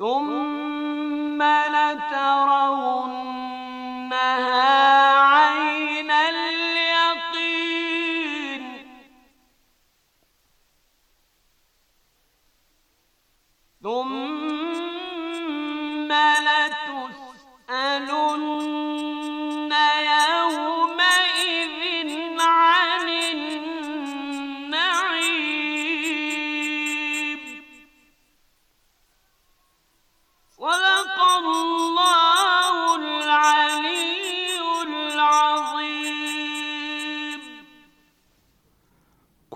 ثم لترون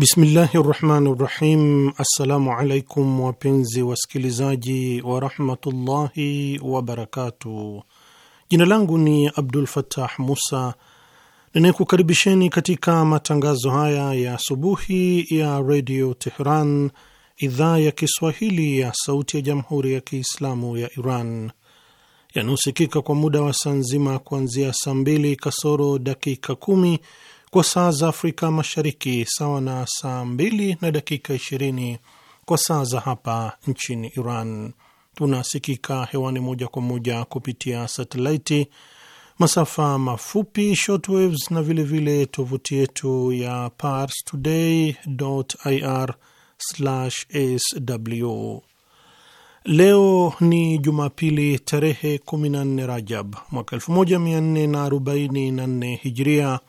Bismillahi rahmani rahim Assalamu alaikum wapenzi wasikilizaji warahmatullahi wabarakatuh. Jina langu ni Abdul Fattah Musa ninayekukaribisheni katika matangazo haya ya asubuhi ya redio Tehran, idhaa ya Kiswahili ya sauti ya jamhuri ya Kiislamu ya Iran yanayosikika kwa muda wa saa nzima kuanzia saa mbili kasoro dakika kumi kwa saa za Afrika Mashariki, sawa na saa 2 na dakika 20 kwa saa za hapa nchini Iran. Tunasikika hewani moja kwa moja kupitia satelaiti, masafa mafupi shortwaves, na vilevile tovuti yetu ya pars ir sw Leo ni Jumapili tarehe 14 Rajab mwaka 1444 Hijria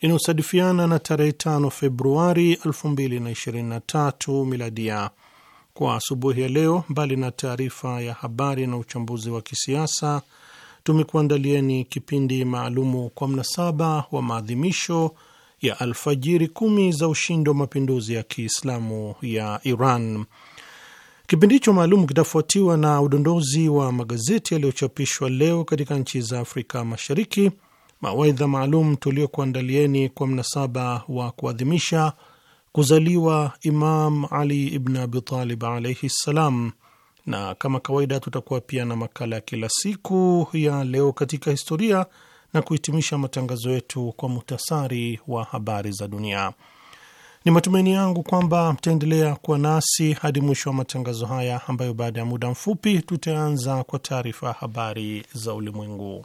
inayosadifiana na tarehe 5 Februari 2023 miladia. Kwa asubuhi ya leo, mbali na taarifa ya habari na uchambuzi wa kisiasa, tumekuandalieni kipindi maalumu kwa mnasaba wa maadhimisho ya alfajiri kumi za ushindi wa mapinduzi ya Kiislamu ya Iran. Kipindi hicho maalum kitafuatiwa na udondozi wa magazeti yaliyochapishwa leo katika nchi za Afrika Mashariki mawaidha maalum tuliokuandalieni kwa mnasaba wa kuadhimisha kuzaliwa Imam Ali ibn Abitalib alaihi ssalam, na kama kawaida tutakuwa pia na makala ya kila siku ya leo katika historia na kuhitimisha matangazo yetu kwa muhtasari wa habari za dunia. Ni matumaini yangu kwamba mtaendelea kuwa nasi hadi mwisho wa matangazo haya, ambayo baada ya muda mfupi tutaanza kwa taarifa ya habari za ulimwengu.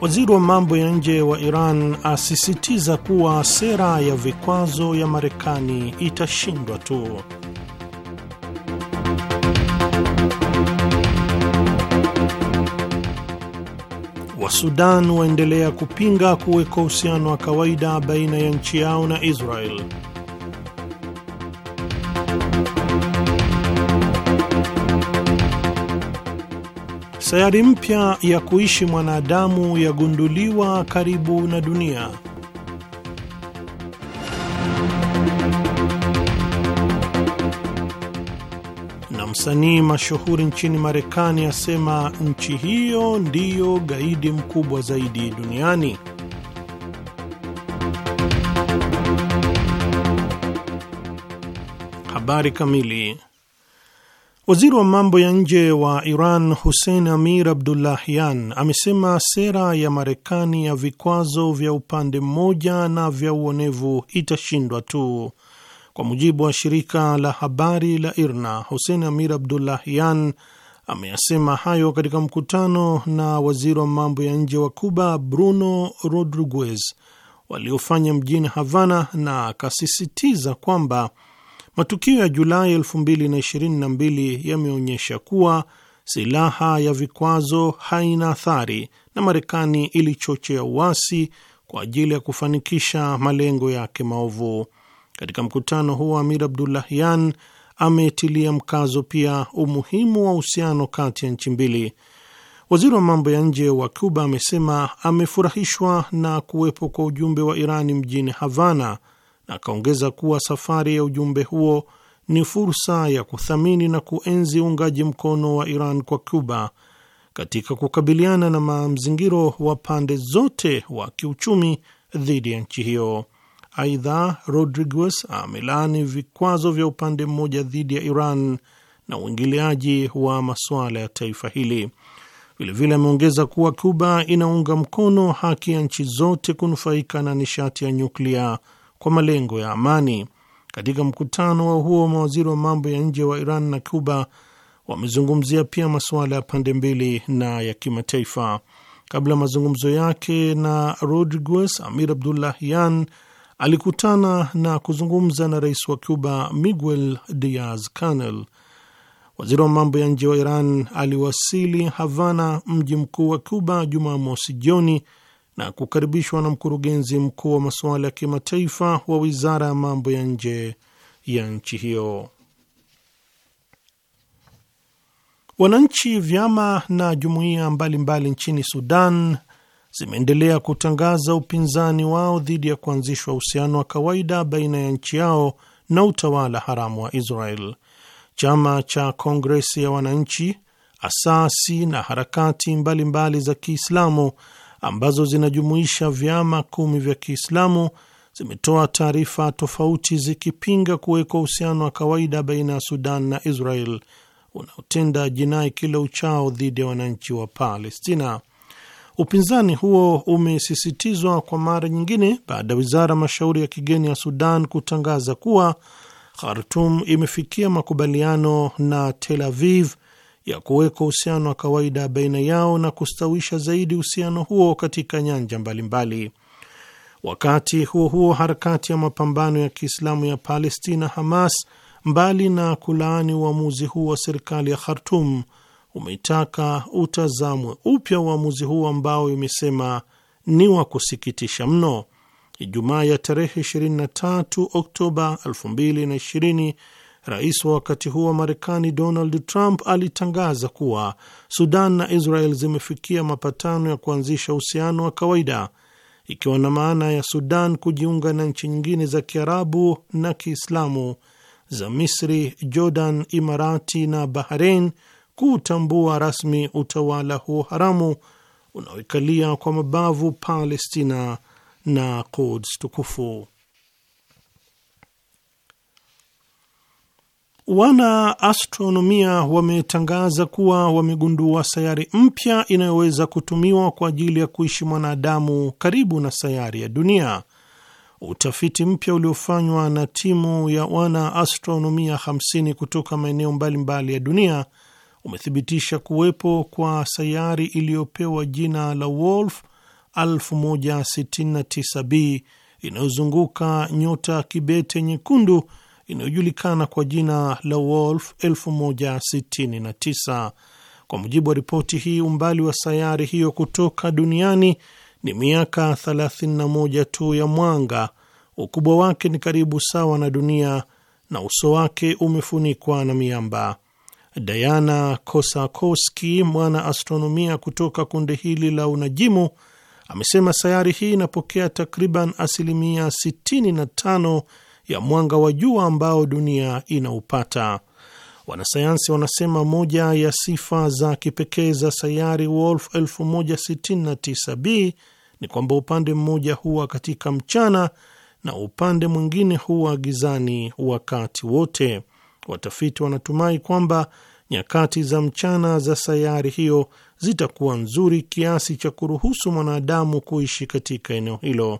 Waziri wa mambo ya nje wa Iran asisitiza kuwa sera ya vikwazo ya Marekani itashindwa tu. Wasudan waendelea kupinga kuwekwa uhusiano wa kawaida baina ya nchi yao na Israel. Sayari mpya ya kuishi mwanadamu yagunduliwa karibu na dunia. Na msanii mashuhuri nchini Marekani asema nchi hiyo ndiyo gaidi mkubwa zaidi duniani. Habari kamili Waziri wa mambo ya nje wa Iran Hussein Amir Abdullahian amesema sera ya Marekani ya vikwazo vya upande mmoja na vya uonevu itashindwa tu. Kwa mujibu wa shirika la habari la IRNA, Hussein Amir Abdullahian ameyasema hayo katika mkutano na waziri wa mambo ya nje wa Kuba Bruno Rodriguez waliofanya mjini Havana, na akasisitiza kwamba Matukio ya Julai 2022 yameonyesha kuwa silaha ya vikwazo haina athari na Marekani ilichochea uasi kwa ajili ya kufanikisha malengo yake maovu. Katika mkutano huo, Amir Abdullahyan ametilia mkazo pia umuhimu wa uhusiano kati ya nchi mbili. Waziri wa mambo ya nje wa Cuba amesema amefurahishwa na kuwepo kwa ujumbe wa Irani mjini Havana Akaongeza kuwa safari ya ujumbe huo ni fursa ya kuthamini na kuenzi uungaji mkono wa Iran kwa Cuba katika kukabiliana na mzingiro wa pande zote wa kiuchumi dhidi ya nchi hiyo. Aidha, Rodriguez amelaani vikwazo vya upande mmoja dhidi ya Iran na uingiliaji wa masuala ya taifa hili. Vilevile ameongeza kuwa Cuba inaunga mkono haki ya nchi zote kunufaika na nishati ya nyuklia kwa malengo ya amani. Katika mkutano wa huo, mawaziri wa mambo ya nje wa Iran na Cuba wamezungumzia pia masuala ya pande mbili na ya kimataifa. Kabla ya mazungumzo yake na Rodriguez, Amir Abdullahian alikutana na kuzungumza na rais wa Cuba Miguel Diaz Canel. Waziri wa mambo ya nje wa Iran aliwasili Havana, mji mkuu wa Cuba, Jumamosi jioni na kukaribishwa na mkurugenzi mkuu wa masuala ya kimataifa wa wizara ya mambo ya nje ya nchi hiyo. Wananchi, vyama na jumuiya mbalimbali nchini Sudan zimeendelea kutangaza upinzani wao dhidi ya kuanzishwa uhusiano wa kawaida baina ya nchi yao na utawala haramu wa Israel. Chama cha Kongresi ya Wananchi, asasi na harakati mbalimbali mbali za Kiislamu ambazo zinajumuisha vyama kumi vya Kiislamu zimetoa taarifa tofauti zikipinga kuwekwa uhusiano wa kawaida baina ya Sudan na Israel unaotenda jinai kila uchao dhidi ya wananchi wa Palestina. Upinzani huo umesisitizwa kwa mara nyingine baada ya wizara ya mashauri ya kigeni ya Sudan kutangaza kuwa Khartum imefikia makubaliano na Tel Aviv ya kuweka uhusiano wa kawaida baina yao na kustawisha zaidi uhusiano huo katika nyanja mbalimbali mbali. Wakati huo huo, harakati ya mapambano ya Kiislamu ya Palestina Hamas, mbali na kulaani uamuzi huu wa serikali ya Khartum, umeitaka utazamwe upya uamuzi huu ambao imesema ni wa kusikitisha mno. Ijumaa ya tarehe 23 Oktoba 2020 Rais wa wakati huo wa Marekani Donald Trump alitangaza kuwa Sudan na Israel zimefikia mapatano ya kuanzisha uhusiano wa kawaida, ikiwa na maana ya Sudan kujiunga na nchi nyingine za Kiarabu na Kiislamu za Misri, Jordan, Imarati na Bahrain kutambua rasmi utawala huo haramu unaoikalia kwa mabavu Palestina na Quds tukufu. Wana astronomia wametangaza kuwa wamegundua sayari mpya inayoweza kutumiwa kwa ajili ya kuishi mwanadamu karibu na sayari ya dunia. Utafiti mpya uliofanywa na timu ya wana astronomia 50 kutoka maeneo mbalimbali ya dunia umethibitisha kuwepo kwa sayari iliyopewa jina la Wolf 1069b inayozunguka nyota kibete nyekundu inayojulikana kwa jina la Wolf 1069. Kwa mujibu wa ripoti hii, umbali wa sayari hiyo kutoka duniani ni miaka 31 tu ya mwanga. Ukubwa wake ni karibu sawa na dunia na uso wake umefunikwa na miamba. Diana Kosakowski, mwana astronomia kutoka kundi hili la unajimu, amesema sayari hii inapokea takriban asilimia 65 ya mwanga wa jua ambao dunia inaupata. Wanasayansi wanasema moja ya sifa za kipekee za sayari Wolf 1069b ni kwamba upande mmoja huwa katika mchana na upande mwingine huwa gizani wakati wote. Watafiti wanatumai kwamba nyakati za mchana za sayari hiyo zitakuwa nzuri kiasi cha kuruhusu mwanadamu kuishi katika eneo hilo.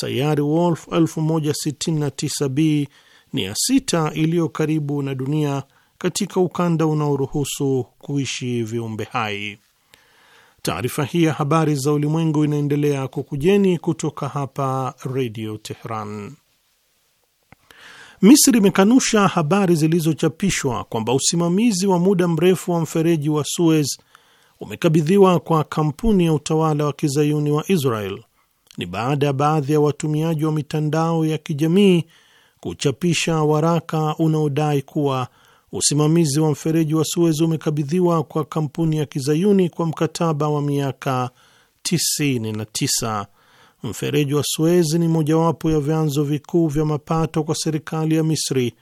Sayari Wolf 1069b ni ya sita iliyo karibu na dunia katika ukanda unaoruhusu kuishi viumbe hai. Taarifa hii ya habari za ulimwengu inaendelea kukujeni kutoka hapa Redio Tehran. Misri imekanusha habari zilizochapishwa kwamba usimamizi wa muda mrefu wa mfereji wa Suez umekabidhiwa kwa kampuni ya utawala wa kizayuni wa Israel ni baada ya baadhi ya watumiaji wa mitandao ya kijamii kuchapisha waraka unaodai kuwa usimamizi wa mfereji wa Suez umekabidhiwa kwa kampuni ya kizayuni kwa mkataba wa miaka 99. Mfereji wa Suez ni mojawapo ya vyanzo vikuu vya mapato kwa serikali ya Misri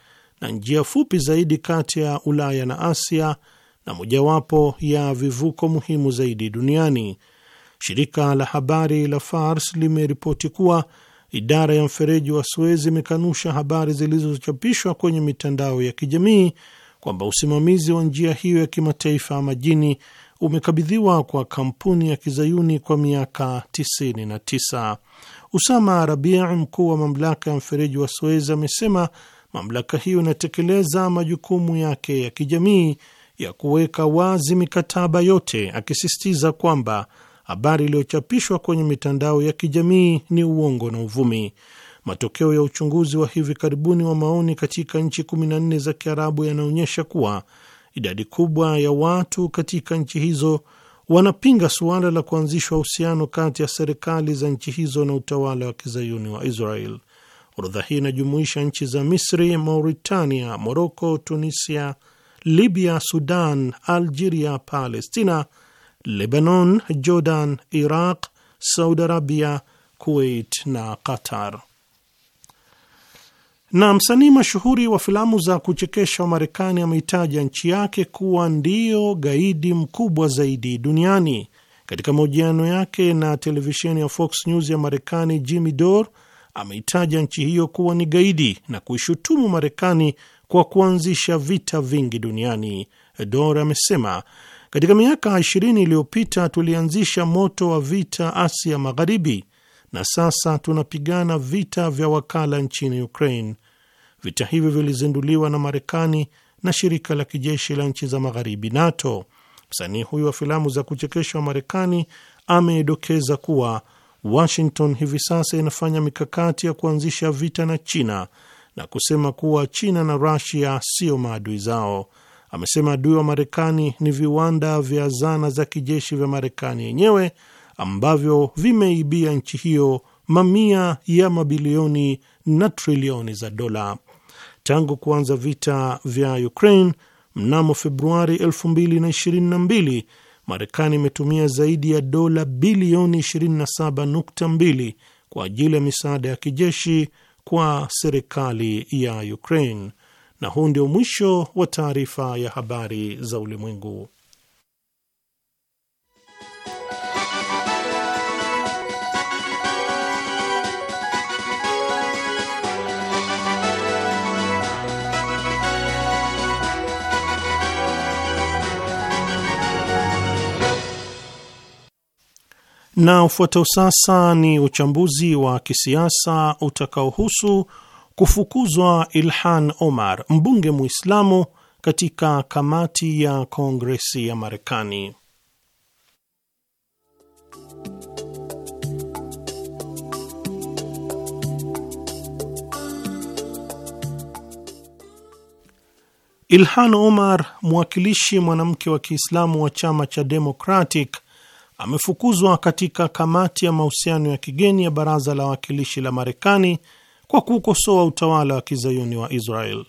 na njia fupi zaidi kati ya Ulaya na Asia na mojawapo ya vivuko muhimu zaidi duniani. Shirika la habari la Fars limeripoti kuwa idara ya mfereji wa Suez imekanusha habari zilizochapishwa kwenye mitandao ya kijamii kwamba usimamizi wa njia hiyo ya kimataifa ya majini umekabidhiwa kwa kampuni ya kizayuni kwa miaka 99. Usama Rabia, mkuu wa mamlaka ya mfereji wa Suez, amesema mamlaka hiyo inatekeleza majukumu yake ya kijamii ya kuweka wazi mikataba yote, akisisitiza kwamba habari iliyochapishwa kwenye mitandao ya kijamii ni uongo na uvumi. Matokeo ya uchunguzi wa hivi karibuni wa maoni katika nchi 14 za Kiarabu yanaonyesha kuwa idadi kubwa ya watu katika nchi hizo wanapinga suala la kuanzishwa uhusiano kati ya serikali za nchi hizo na utawala wa kizayuni wa Israel. Orodha hii inajumuisha nchi za Misri, Mauritania, Moroko, Tunisia, Libya, Sudan, Algeria, Palestina Lebanon, Jordan, Iraq, Saudi Arabia, Kuwait na Qatar. Na msanii mashuhuri wa filamu za kuchekesha wa Marekani ameitaja nchi yake kuwa ndiyo gaidi mkubwa zaidi duniani. Katika mahojiano yake na televisheni ya Fox News ya Marekani, Jimmy Dore ameitaja nchi hiyo kuwa ni gaidi na kuishutumu Marekani kwa kuanzisha vita vingi duniani. Dore amesema katika miaka 20 iliyopita tulianzisha moto wa vita Asia Magharibi, na sasa tunapigana vita vya wakala nchini Ukraine. Vita hivyo vilizinduliwa na Marekani na shirika la kijeshi la nchi za magharibi NATO. Msanii huyu wa filamu za kuchekesha wa Marekani amedokeza kuwa Washington hivi sasa inafanya mikakati ya kuanzisha vita na China na kusema kuwa China na Rusia sio maadui zao amesema adui wa Marekani ni viwanda vya zana za kijeshi vya Marekani yenyewe ambavyo vimeibia nchi hiyo mamia ya mabilioni na trilioni za dola tangu kuanza vita vya Ukraine mnamo Februari 2022. Marekani imetumia zaidi ya dola bilioni 27.2 kwa ajili ya misaada ya kijeshi kwa serikali ya Ukraine. Na huu ndio mwisho wa taarifa ya habari za ulimwengu. Na ufuatao sasa ni uchambuzi wa kisiasa utakaohusu kufukuzwa Ilhan Omar, mbunge Muislamu katika kamati ya Kongresi ya Marekani. Ilhan Omar, mwakilishi mwanamke wa Kiislamu wa chama cha Democratic, amefukuzwa katika kamati ya mahusiano ya kigeni ya baraza la wawakilishi la Marekani kwa kuukosoa utawala wa kizayuni wa Israel.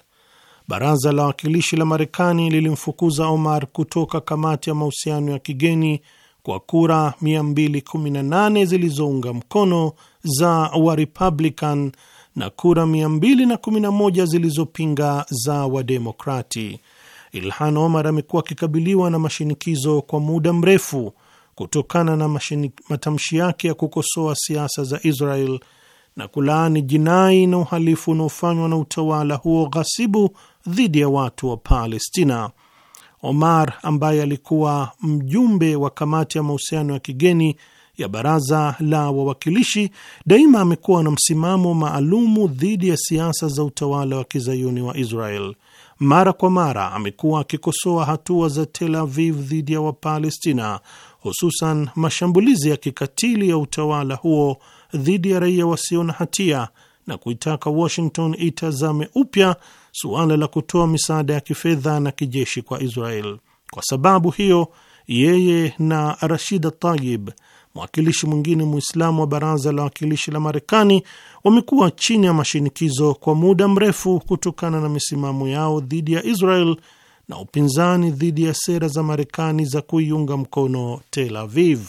Baraza la Wawakilishi la Marekani lilimfukuza Omar kutoka kamati ya mahusiano ya kigeni kwa kura 218 zilizounga mkono za warpublican na kura 211 zilizopinga za Wademokrati. Ilhan Omar amekuwa akikabiliwa na mashinikizo kwa muda mrefu kutokana na matamshi yake ya kukosoa siasa za Israel na kulaani jinai na uhalifu unaofanywa na utawala huo ghasibu dhidi ya watu wa Palestina. Omar ambaye alikuwa mjumbe wa kamati ya mahusiano ya kigeni ya baraza la wawakilishi, daima amekuwa na msimamo maalumu dhidi ya siasa za utawala wa kizayuni wa Israel. Mara kwa mara amekuwa akikosoa hatua za Tel Aviv dhidi ya Wapalestina, hususan mashambulizi ya kikatili ya utawala huo dhidi ya raia wasio na hatia na kuitaka Washington itazame upya suala la kutoa misaada ya kifedha na kijeshi kwa Israel. Kwa sababu hiyo, yeye na Rashida Tayib, mwakilishi mwingine Mwislamu wa baraza la wakilishi la Marekani, wamekuwa chini ya mashinikizo kwa muda mrefu kutokana na misimamo yao dhidi ya Israel na upinzani dhidi ya sera za Marekani za kuiunga mkono Tel Aviv.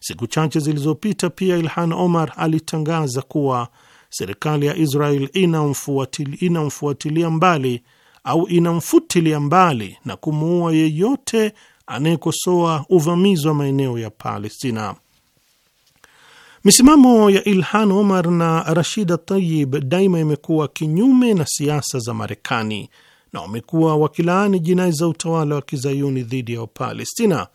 Siku chache zilizopita pia Ilhan Omar alitangaza kuwa serikali ya Israel inamfuatilia inamfuatilia mbali au inamfutilia mbali na kumuua yeyote anayekosoa uvamizi wa maeneo ya Palestina. Misimamo ya Ilhan Omar na Rashida Tayib daima imekuwa kinyume na siasa za Marekani na wamekuwa wakilaani jinai za utawala wa kizayuni dhidi ya Wapalestina.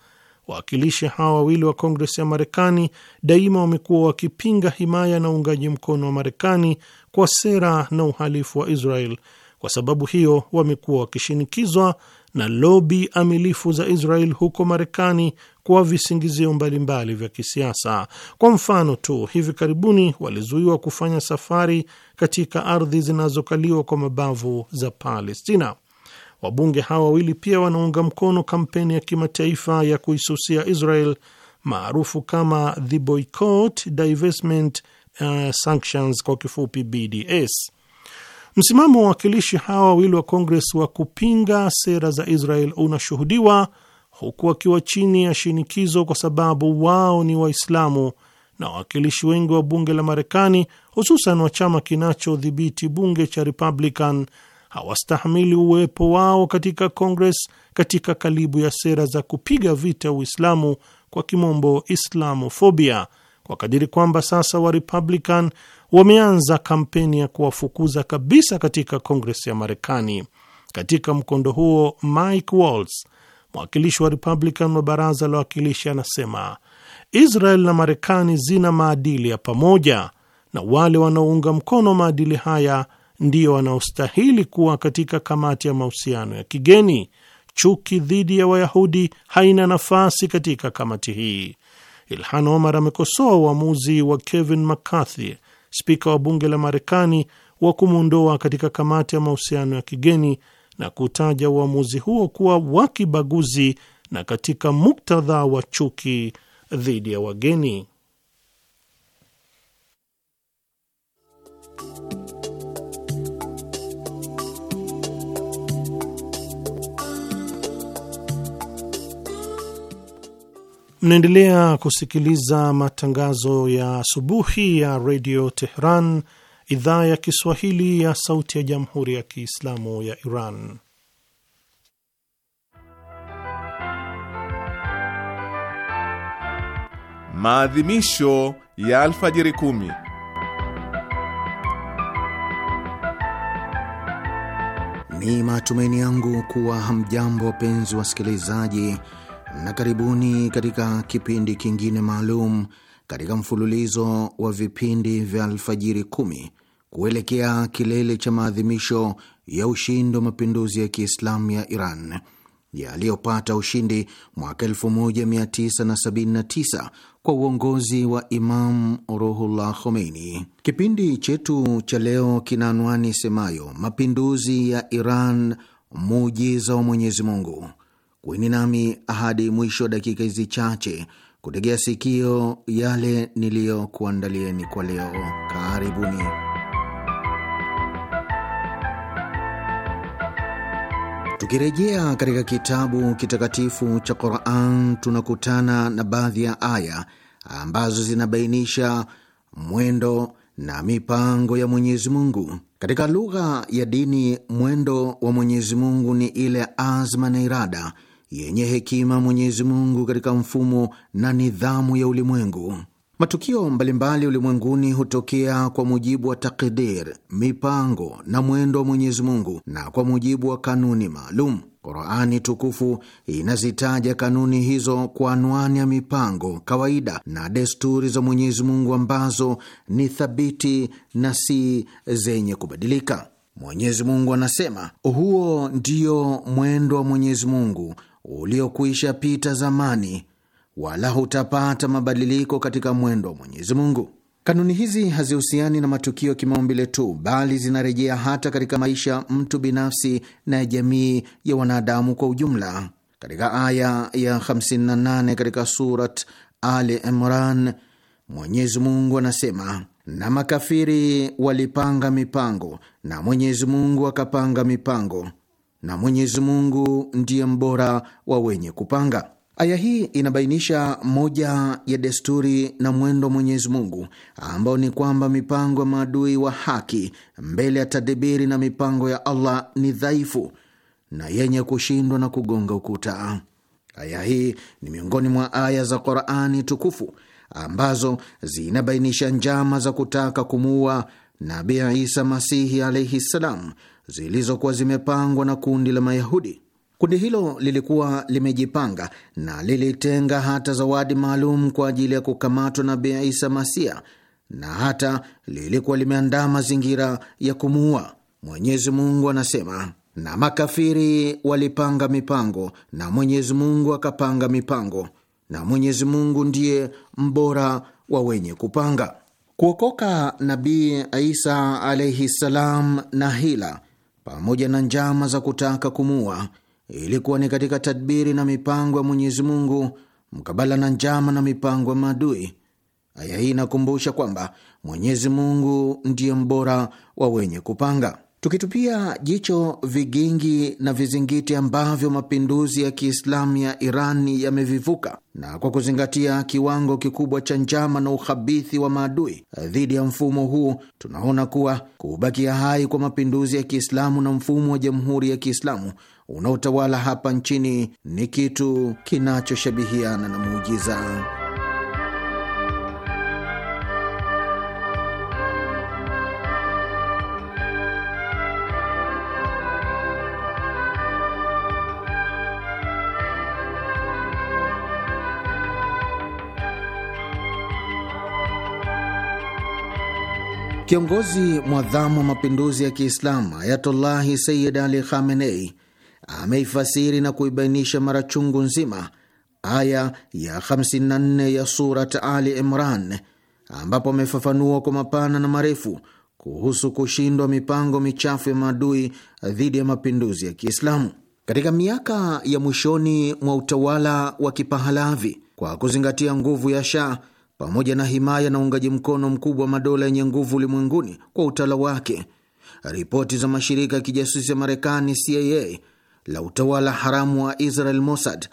Wawakilishi hawa wawili wa kongres ya Marekani daima wamekuwa wakipinga himaya na uungaji mkono wa Marekani kwa sera na uhalifu wa Israel. Kwa sababu hiyo, wamekuwa wakishinikizwa na lobi amilifu za Israel huko Marekani kwa visingizio mbalimbali vya kisiasa. Kwa mfano tu, hivi karibuni walizuiwa kufanya safari katika ardhi zinazokaliwa kwa mabavu za Palestina. Wabunge hawa wawili pia wanaunga mkono kampeni ya kimataifa ya kuisusia Israel maarufu kama the Boycott, Divestment uh, Sanctions kwa kifupi BDS. Msimamo wa wawakilishi hawa wawili wa Kongres wa kupinga sera za Israel unashuhudiwa huku wakiwa chini ya shinikizo, kwa sababu wao ni Waislamu na wawakilishi wengi wa bunge la Marekani, hususan wa chama kinachodhibiti bunge cha Republican hawastahamili uwepo wao katika Kongres katika kalibu ya sera za kupiga vita Uislamu, kwa kimombo islamofobia, kwa kadiri kwamba sasa wa Republican wameanza kampeni ya kuwafukuza kabisa katika kongres ya Marekani. Katika mkondo huo, Mike Waltz, mwakilishi wa Republican wa baraza la wawakilishi, anasema Israel na Marekani zina maadili ya pamoja na wale wanaounga mkono maadili haya ndio wanaostahili kuwa katika kamati ya mahusiano ya kigeni. Chuki dhidi ya Wayahudi haina nafasi katika kamati hii. Ilhan Omar amekosoa uamuzi wa Kevin McCarthy, spika wa bunge la Marekani, wa kumwondoa katika kamati ya mahusiano ya kigeni na kutaja uamuzi huo kuwa wa kibaguzi na katika muktadha wa chuki dhidi ya wageni. Mnaendelea kusikiliza matangazo ya asubuhi ya redio Tehran, idhaa ya Kiswahili ya sauti ya jamhuri ya Kiislamu ya Iran. Maadhimisho ya alfajiri kumi. Ni matumaini yangu kuwa hamjambo, wapenzi wasikilizaji na karibuni katika kipindi kingine maalum katika mfululizo wa vipindi vya Alfajiri kumi kuelekea kilele cha maadhimisho ya ushindi wa mapinduzi ya Kiislamu ya Iran yaliyopata ushindi mwaka 1979 kwa uongozi wa Imam Ruhullah Khomeini. Kipindi chetu cha leo kina anwani semayo mapinduzi ya Iran, muujiza wa Mwenyezi Mungu. Kuweni nami hadi mwisho wa dakika hizi chache kutegea sikio yale niliyokuandalieni kwa leo. Karibuni. Tukirejea katika kitabu kitakatifu cha Quran, tunakutana na baadhi ya aya ambazo zinabainisha mwendo na mipango ya Mwenyezi Mungu. Katika lugha ya dini, mwendo wa Mwenyezi Mungu ni ile azma na irada yenye hekima Mwenyezi Mungu katika mfumo na nidhamu ya ulimwengu. Matukio mbalimbali ulimwenguni hutokea kwa mujibu wa takdir, mipango na mwendo wa Mwenyezi Mungu na kwa mujibu wa kanuni maalum. Qurani tukufu inazitaja kanuni hizo kwa anwani ya mipango, kawaida na desturi za Mwenyezi Mungu ambazo ni thabiti na si zenye kubadilika. Mwenyezi Mungu anasema, huo ndio mwendo wa Mwenyezi Mungu uliokwisha pita zamani, wala hutapata mabadiliko katika mwendo wa Mwenyezi Mungu. Kanuni hizi hazihusiani na matukio kimaumbile tu, bali zinarejea hata katika maisha ya mtu binafsi na ya jamii ya wanadamu kwa ujumla. Katika aya ya 58 katika Surat Ali Imran, Mwenyezi Mungu anasema na makafiri walipanga mipango na Mwenyezi Mungu akapanga mipango na Mwenyezi Mungu ndiye mbora wa wenye kupanga. Aya hii inabainisha moja ya desturi na mwendo wa Mwenyezi Mungu ambao ni kwamba mipango ya maadui wa haki mbele ya tadibiri na mipango ya Allah ni dhaifu na yenye kushindwa na kugonga ukuta. Aya hii ni miongoni mwa aya za Qurani tukufu ambazo zinabainisha njama za kutaka kumuua Nabii Isa Masihi alaihi ssalam zilizokuwa zimepangwa na kundi la Mayahudi. Kundi hilo lilikuwa limejipanga na lilitenga hata zawadi maalum kwa ajili ya kukamatwa Nabii Isa Masia, na hata lilikuwa limeandaa mazingira ya kumuua. Mwenyezi Mungu anasema na makafiri walipanga mipango na Mwenyezi Mungu akapanga mipango, na Mwenyezi Mungu ndiye mbora wa wenye kupanga. Kuokoka Nabii Isa alaihi salam na hila pamoja na njama za kutaka kumua. ilikuwa ni katika tadbiri na mipango ya Mwenyezi Mungu mkabala na njama na mipango ya maadui. Aya hii inakumbusha kwamba Mwenyezi Mungu ndiye mbora wa wenye kupanga. Tukitupia jicho vigingi na vizingiti ambavyo mapinduzi ya Kiislamu ya Iran yamevivuka na kwa kuzingatia kiwango kikubwa cha njama na ukhabithi wa maadui dhidi ya mfumo huu, tunaona kuwa kubakia hai kwa mapinduzi ya Kiislamu na mfumo wa Jamhuri ya Kiislamu unaotawala hapa nchini ni kitu kinachoshabihiana na muujiza. Kiongozi mwadhamu wa mapinduzi ya Kiislamu Ayatullahi Sayyid Ali Khamenei ameifasiri na kuibainisha mara chungu nzima aya ya 54 ya Surat Ali Imran, ambapo amefafanua kwa mapana na marefu kuhusu kushindwa mipango michafu ya maadui dhidi ya mapinduzi ya Kiislamu katika miaka ya mwishoni mwa utawala wa Kipahalavi. Kwa kuzingatia nguvu ya Shah, pamoja na himaya na uungaji mkono mkubwa wa madola yenye nguvu ulimwenguni kwa utawala wake. Ripoti za mashirika ya kijasusi ya Marekani CIA, la utawala haramu wa Israel Mossad,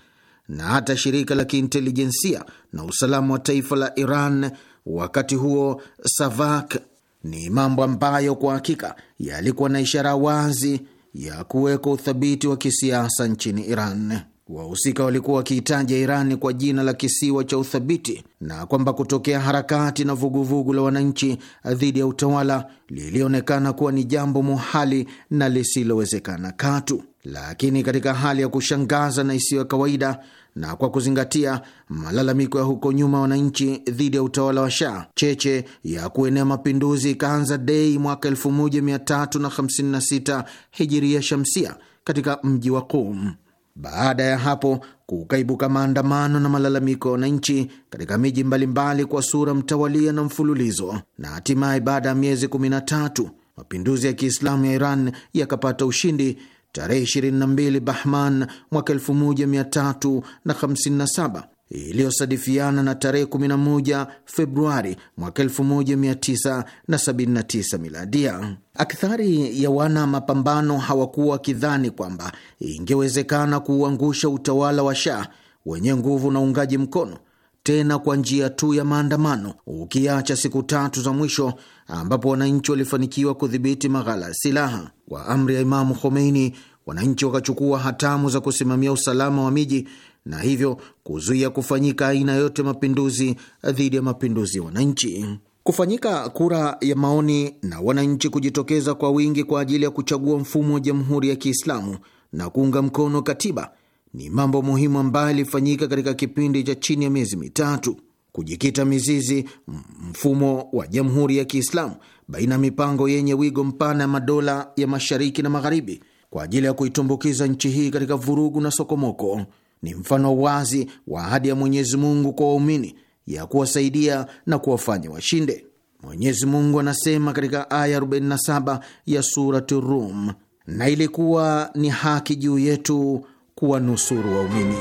na hata shirika la kiintelijensia na usalama wa taifa la Iran wakati huo SAVAK ni mambo ambayo kwa hakika yalikuwa na ishara wazi ya kuwekwa uthabiti wa kisiasa nchini Iran. Wahusika walikuwa wakiitaja Irani kwa jina la kisiwa cha uthabiti na kwamba kutokea harakati na vuguvugu la wananchi dhidi ya utawala lilionekana kuwa ni jambo muhali na lisilowezekana katu, lakini katika hali ya kushangaza na isiyo ya kawaida na kwa kuzingatia malalamiko ya huko nyuma wananchi dhidi ya utawala wa Shah, cheche ya kuenea mapinduzi ikaanza Dei mwaka 1356 hijiria shamsia katika mji wa Qum. Baada ya hapo kukaibuka maandamano na malalamiko ya wananchi katika miji mbalimbali kwa sura mtawalia na mfululizo, na hatimaye baada ya miezi 13 mapinduzi ya Kiislamu ya Iran yakapata ushindi tarehe 22 Bahman mwaka 1357 iliyosadifiana na tarehe 11 Februari mwaka 1979 miladia. Akthari ya wana mapambano hawakuwa wakidhani kwamba ingewezekana kuuangusha utawala wa Shah wenye nguvu na uungaji mkono tena kwa njia tu ya maandamano, ukiacha siku tatu za mwisho ambapo wananchi walifanikiwa kudhibiti maghala ya silaha. Kwa amri ya Imamu Khomeini, wananchi wakachukua hatamu za kusimamia usalama wa miji na hivyo kuzuia kufanyika aina yote mapinduzi dhidi ya mapinduzi ya wananchi. Kufanyika kura ya maoni na wananchi kujitokeza kwa wingi kwa ajili ya kuchagua mfumo wa Jamhuri ya Kiislamu na kuunga mkono katiba ni mambo muhimu ambayo yalifanyika katika kipindi cha chini ya miezi mitatu kujikita mizizi mfumo wa Jamhuri ya Kiislamu baina ya mipango yenye wigo mpana ya madola ya mashariki na magharibi kwa ajili ya kuitumbukiza nchi hii katika vurugu na sokomoko ni mfano wazi wa ahadi ya Mwenyezi Mungu kwa waumini ya kuwasaidia na kuwafanya washinde. Mwenyezi Mungu anasema katika aya 47 ya surat Rum, na ilikuwa ni haki juu yetu kuwanusuru waumini.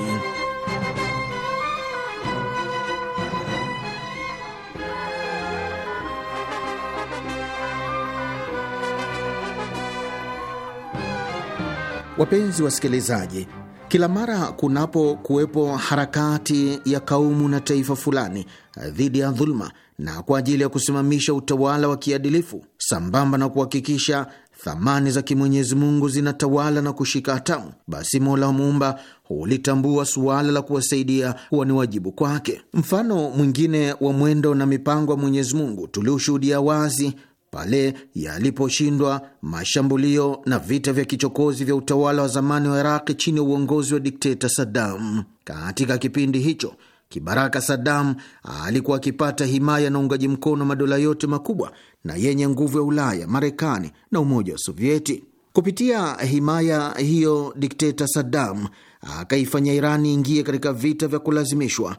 Wapenzi wasikilizaji kila mara kunapokuwepo harakati ya kaumu na taifa fulani dhidi ya dhuluma na kwa ajili ya kusimamisha utawala wa kiadilifu sambamba na kuhakikisha thamani za kimwenyezi Mungu zinatawala na kushika hatamu, basi Mola muumba hulitambua suala la kuwasaidia kuwa ni wajibu kwake. Mfano mwingine wa mwendo na mipango ya Mwenyezi Mungu tulioshuhudia wazi pale yaliposhindwa mashambulio na vita vya kichokozi vya utawala wa zamani wa Iraqi chini ya uongozi wa dikteta Saddam. Katika kipindi hicho kibaraka Saddam alikuwa akipata himaya na uungaji mkono madola yote makubwa na yenye nguvu ya Ulaya, Marekani na Umoja wa Sovieti. Kupitia himaya hiyo, dikteta Saddam akaifanya Irani ingie katika vita vya kulazimishwa,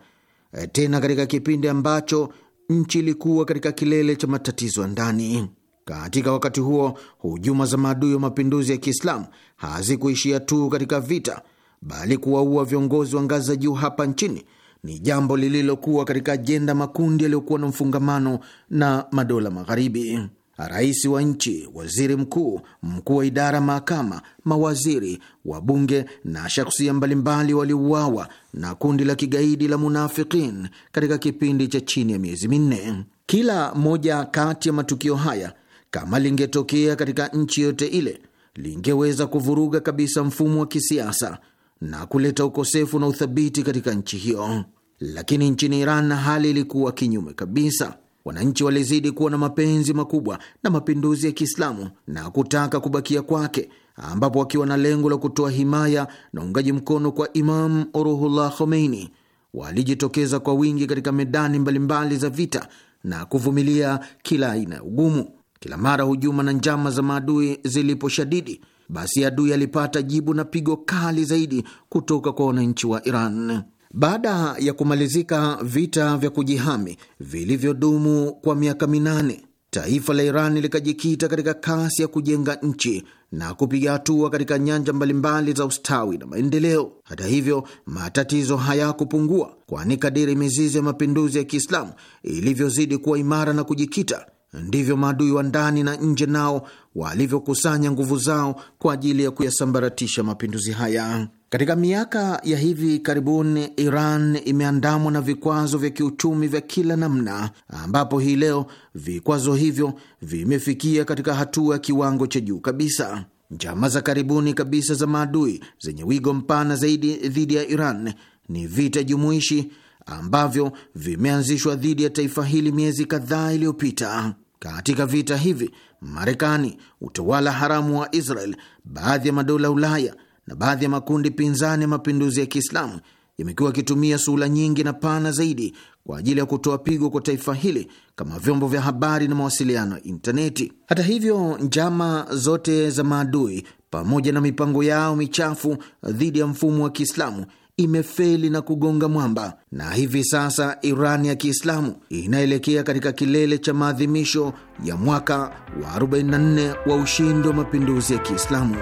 e, tena katika kipindi ambacho nchi ilikuwa katika kilele cha matatizo ya ndani. Katika wakati huo, hujuma za maadui wa mapinduzi ya Kiislamu hazikuishia tu katika vita, bali kuwaua viongozi wa ngazi za juu hapa nchini ni jambo lililokuwa katika ajenda makundi yaliyokuwa na mfungamano na madola magharibi rais wa nchi, waziri mkuu, mkuu wa idara mahakama, mawaziri, wabunge na shakhsia mbalimbali waliuawa na kundi la kigaidi la Munafikin katika kipindi cha chini ya miezi minne. Kila moja kati ya matukio haya, kama lingetokea katika nchi yote ile, lingeweza kuvuruga kabisa mfumo wa kisiasa na kuleta ukosefu na uthabiti katika nchi hiyo, lakini nchini Iran hali ilikuwa kinyume kabisa. Wananchi walizidi kuwa na mapenzi makubwa na mapinduzi ya Kiislamu na kutaka kubakia kwake, ambapo wakiwa na lengo la kutoa himaya na uungaji mkono kwa Imam Ruhullah Khomeini walijitokeza kwa wingi katika medani mbalimbali za vita na kuvumilia kila aina ya ugumu. Kila mara hujuma na njama za maadui ziliposhadidi, basi adui alipata jibu na pigo kali zaidi kutoka kwa wananchi wa Iran. Baada ya kumalizika vita vya kujihami vilivyodumu kwa miaka minane, taifa la Iran likajikita katika kasi ya kujenga nchi na kupiga hatua katika nyanja mbalimbali za ustawi na maendeleo. Hata hivyo, matatizo hayakupungua, kwani kadiri mizizi ya mapinduzi ya Kiislamu ilivyozidi kuwa imara na kujikita, ndivyo maadui wa ndani na nje nao walivyokusanya nguvu zao kwa ajili ya kuyasambaratisha mapinduzi haya. Katika miaka ya hivi karibuni Iran imeandamwa na vikwazo vya kiuchumi vya kila namna, ambapo hii leo vikwazo hivyo vimefikia katika hatua ya kiwango cha juu kabisa. Njama za karibuni kabisa za maadui zenye wigo mpana zaidi dhidi ya Iran ni vita jumuishi ambavyo vimeanzishwa dhidi ya taifa hili miezi kadhaa iliyopita. Katika vita hivi, Marekani, utawala haramu wa Israel, baadhi ya madola Ulaya na baadhi ya makundi pinzani ya mapinduzi ya Kiislamu yamekuwa yakitumia suhula nyingi na pana zaidi kwa ajili ya kutoa pigo kwa taifa hili kama vyombo vya habari na mawasiliano ya intaneti. Hata hivyo, njama zote za maadui pamoja na mipango yao michafu dhidi ya mfumo wa Kiislamu imefeli na kugonga mwamba, na hivi sasa Iran ya Kiislamu inaelekea katika kilele cha maadhimisho ya mwaka wa 44 wa ushindi wa mapinduzi ya Kiislamu.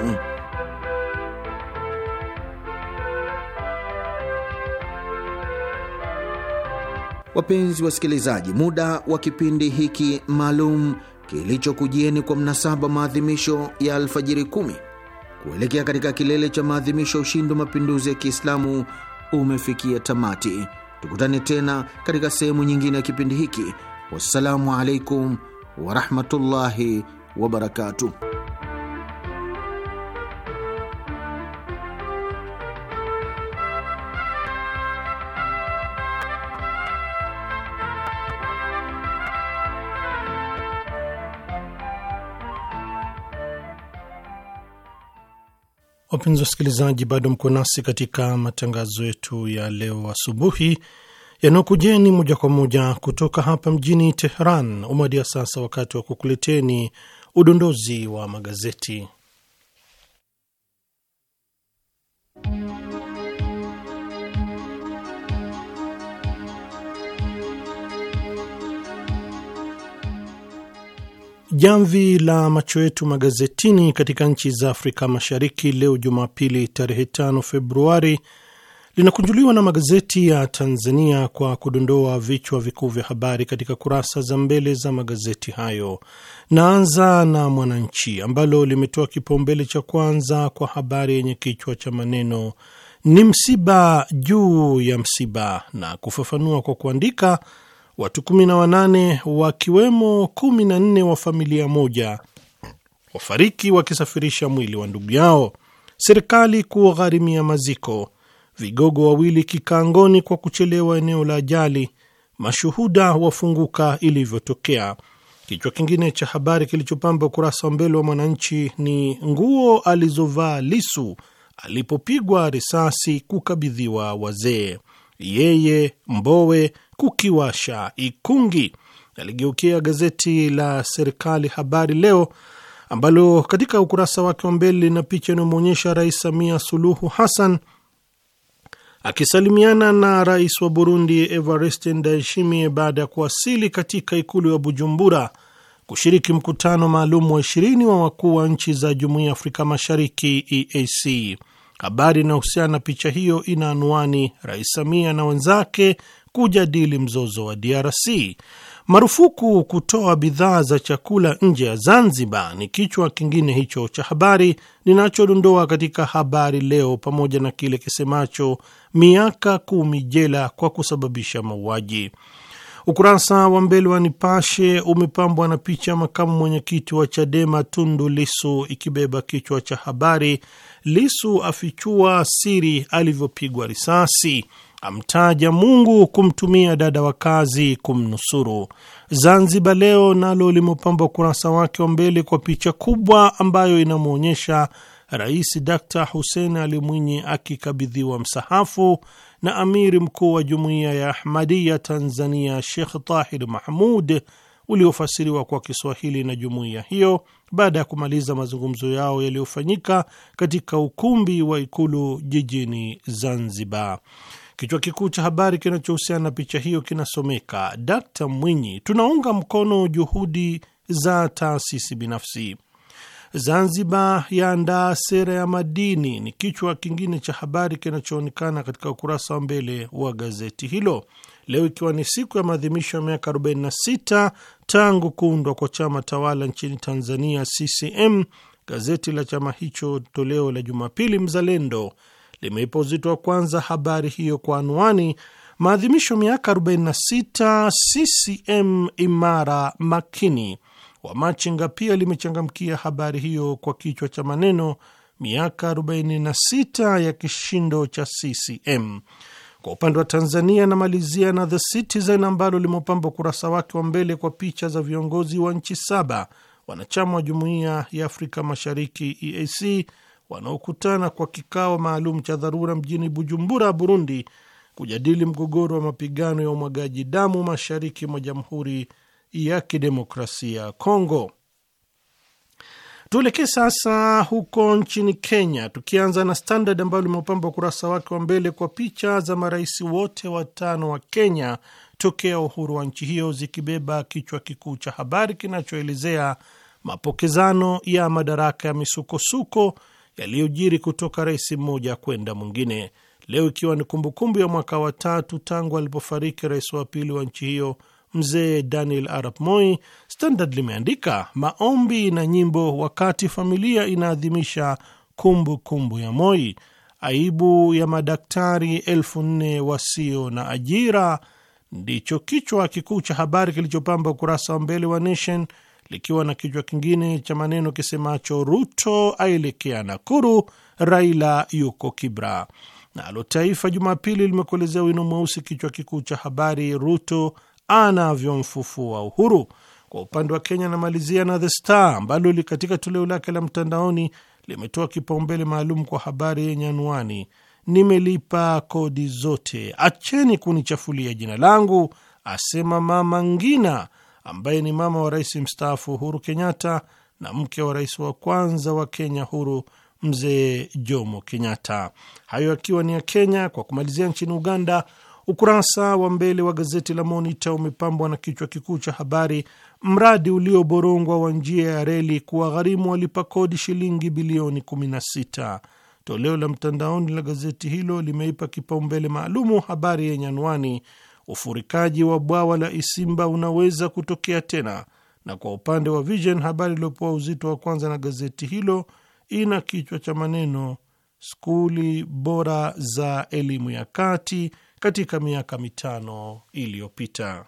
Wapenzi wasikilizaji, muda wa kipindi hiki maalum kilichokujieni kwa mnasaba maadhimisho ya alfajiri kumi kuelekea katika kilele cha maadhimisho ya ushindi wa mapinduzi ya Kiislamu umefikia tamati. Tukutane tena katika sehemu nyingine ya kipindi hiki. Wassalamu alaikum warahmatullahi wabarakatuh. Wapenzi wasikilizaji, bado mko nasi katika matangazo yetu ya leo asubuhi yanayokujeni moja kwa moja kutoka hapa mjini Teheran. Umewadia sasa wakati wa kukuleteni udondozi wa magazeti. Jamvi la macho yetu magazetini katika nchi za Afrika Mashariki leo Jumapili tarehe 5 Februari linakunjuliwa na magazeti ya Tanzania kwa kudondoa vichwa vikuu vya habari katika kurasa za mbele za magazeti hayo. Naanza na Mwananchi ambalo limetoa kipaumbele cha kwanza kwa habari yenye kichwa cha maneno ni msiba juu ya msiba, na kufafanua kwa kuandika watu 18 wakiwemo 14 wa familia moja wafariki wakisafirisha mwili wa ndugu yao, serikali kuwagharimia maziko, vigogo wawili kikaangoni kwa kuchelewa eneo la ajali, mashuhuda wafunguka ilivyotokea. Kichwa kingine cha habari kilichopamba ukurasa wa mbele wa Mwananchi ni nguo alizovaa Lisu alipopigwa risasi kukabidhiwa wazee. Yeye Mbowe kukiwasha ikungi. aligeukia gazeti la serikali Habari Leo ambalo katika ukurasa wake wa mbele lina picha inayomwonyesha Rais Samia Suluhu Hassan akisalimiana na rais wa Burundi Evariste Ndayishimiye baada ya kuwasili katika ikulu ya Bujumbura kushiriki mkutano maalum wa ishirini wa wakuu wa nchi za Jumuiya ya Afrika Mashariki EAC. Habari inayohusiana na picha hiyo ina anwani Rais Samia na wenzake kujadili mzozo wa DRC. Marufuku kutoa bidhaa za chakula nje ya Zanzibar ni kichwa kingine hicho cha habari ninachodondoa katika Habari Leo, pamoja na kile kisemacho miaka kumi jela kwa kusababisha mauaji. Ukurasa wa mbele wa Nipashe umepambwa na picha makamu mwenyekiti wa Chadema Tundu Lisu ikibeba kichwa cha habari, Lisu afichua siri alivyopigwa risasi amtaja Mungu kumtumia dada wa kazi kumnusuru. Zanzibar Leo nalo limepamba ukurasa wake wa mbele kwa picha kubwa ambayo inamwonyesha Rais d Hussein Ali Mwinyi akikabidhiwa msahafu na amiri mkuu wa jumuiya ya Ahmadiya Tanzania shekh Tahir Mahmud uliofasiriwa kwa Kiswahili na jumuiya hiyo baada ya kumaliza mazungumzo yao yaliyofanyika katika ukumbi wa Ikulu jijini Zanzibar. Kichwa kikuu cha habari kinachohusiana na picha hiyo kinasomeka Dkt Mwinyi, tunaunga mkono juhudi za taasisi binafsi. Zanzibar yaandaa sera ya madini ni kichwa kingine cha habari kinachoonekana katika ukurasa wa mbele wa gazeti hilo leo, ikiwa ni siku ya maadhimisho ya miaka 46 tangu kuundwa kwa chama tawala nchini Tanzania, CCM. Gazeti la chama hicho toleo la Jumapili Mzalendo limeipa uzito wa kwanza habari hiyo kwa anwani maadhimisho miaka 46 CCM imara makini. Wamachinga pia limechangamkia habari hiyo kwa kichwa cha maneno miaka 46 ya kishindo cha CCM. Kwa upande wa Tanzania namalizia na The Citizen ambalo limeupamba ukurasa wake wa mbele kwa picha za viongozi wa nchi saba wanachama wa Jumuiya ya Afrika Mashariki EAC wanaokutana kwa kikao maalum cha dharura mjini Bujumbura, Burundi, kujadili mgogoro wa mapigano ya umwagaji damu mashariki mwa Jamhuri ya Kidemokrasia ya Kongo. Tuelekee sasa huko nchini Kenya, tukianza na Standard ambayo limeupamba ukurasa wake wa mbele kwa picha za marais wote watano wa Kenya tokea uhuru wa nchi hiyo, zikibeba kichwa kikuu cha habari kinachoelezea mapokezano ya madaraka ya misukosuko yaliyojiri kutoka rais mmoja kwenda mwingine, leo ikiwa ni kumbukumbu ya mwaka wa tatu tangu alipofariki rais wa pili wa nchi hiyo Mzee Daniel Arap Moi. Standard limeandika maombi na nyimbo wakati familia inaadhimisha kumbukumbu kumbu ya Moi, aibu ya madaktari elfu nne wasio na ajira, ndicho kichwa kikuu cha habari kilichopamba ukurasa wa mbele wa Nation likiwa na kichwa kingine cha maneno kisemacho Ruto aelekea Nakuru, Raila yuko Kibra. Nalo Taifa Jumapili limekuelezea wino mweusi, kichwa kikuu cha habari, Ruto anavyomfufua Uhuru. Kwa upande wa Kenya anamalizia na The Star ambalo katika toleo lake la mtandaoni limetoa kipaumbele maalum kwa habari yenye anwani, nimelipa kodi zote, acheni kunichafulia jina langu, asema Mama Ngina ambaye ni mama wa rais mstaafu Uhuru Kenyatta na mke wa rais wa kwanza wa Kenya huru Mzee Jomo Kenyatta. Hayo akiwa ni ya Kenya. Kwa kumalizia, nchini Uganda, ukurasa wa mbele wa gazeti la Monita umepambwa na kichwa kikuu cha habari, mradi ulioborongwa wa njia ya reli kuwa gharimu walipa kodi shilingi bilioni 16. Toleo la mtandaoni la gazeti hilo limeipa kipaumbele maalumu habari yenye anwani ufurikaji wa bwawa la Isimba unaweza kutokea tena. Na kwa upande wa Vision, habari iliyopewa uzito wa kwanza na gazeti hilo ina kichwa cha maneno skuli bora za elimu ya kati katika miaka mitano iliyopita.